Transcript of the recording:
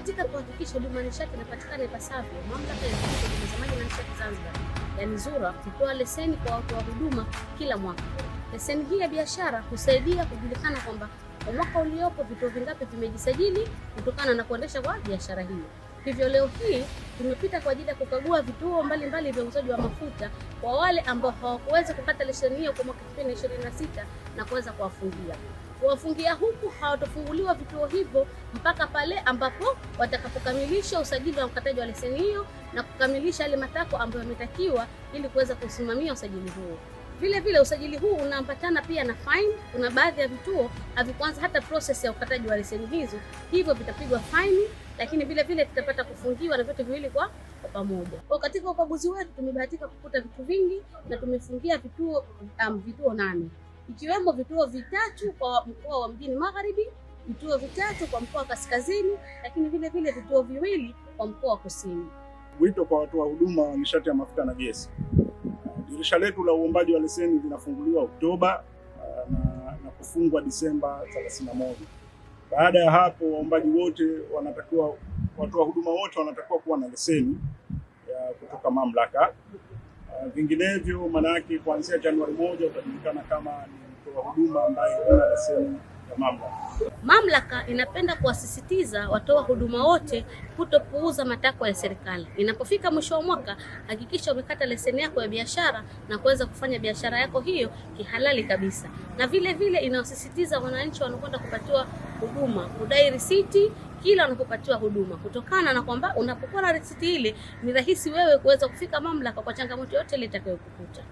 Katika kuhakikisha huduma nishati inapatikana ipasavyo, mamlaka ya usambazaji maji na nishati Zanzibar, yani ZURA, hutoa leseni kwa wa huduma kila mwaka. Leseni hii ya biashara husaidia kujulikana kwamba kwa mwaka uliopo vituo vingapi vimejisajili kutokana na kuendesha kwa biashara hiyo. Hivyo leo hii Tumepita kwa ajili ya kukagua vituo mbalimbali vya uuzaji wa mafuta kwa wale ambao hawakuweza kupata leseni hiyo kwa mwaka 2026 na kuweza kuwafungia kuwafungia huku hawatofunguliwa vituo hivyo mpaka pale ambapo watakapokamilisha usajili wa mkataji wa leseni hiyo na kukamilisha yale matakwa ambayo yametakiwa ili kuweza kusimamia usajili huo. Vile vile usajili huu unaambatana pia na fine. Kuna baadhi ya vituo havikuanza hata process ya ukataji wa leseni hizo, hivyo vitapigwa faini, lakini vile vile tutapata kufungiwa na vyote viwili kwa pamoja. Kwa katika ukaguzi wetu tumebahatika kukuta vitu vingi na tumefungia vituo um, vituo nane ikiwemo vituo vitatu kwa mkoa wa Mjini Magharibi, vituo vitatu kwa mkoa wa Kaskazini, lakini vile vile vituo viwili kwa mkoa wa Kusini. Wito kwa watoa huduma wa nishati ya mafuta na gesi Dirisha letu la uombaji wa leseni linafunguliwa Oktoba uh, na, na kufungwa Disemba 31. Baada ya hapo, waombaji wote wanatakiwa, watoa huduma wote wanatakiwa kuwa na leseni ya kutoka mamlaka. Uh, vinginevyo maana yake kuanzia Januari moja utajulikana kama ni mtoa huduma ambaye hana leseni mamlaka. Mamlaka inapenda kuwasisitiza watoa huduma wote kutopuuza matakwa ya serikali. Inapofika mwisho wa mwaka, hakikisha umekata leseni yako ya biashara na kuweza kufanya biashara yako hiyo kihalali kabisa. Na vile vile inawasisitiza wananchi wanaokwenda kupatiwa huduma kudai risiti kila unapopatiwa huduma, kutokana na kwamba unapokuwa na risiti ile, ni rahisi wewe kuweza kufika mamlaka kwa changamoto yote ile itakayokukuta.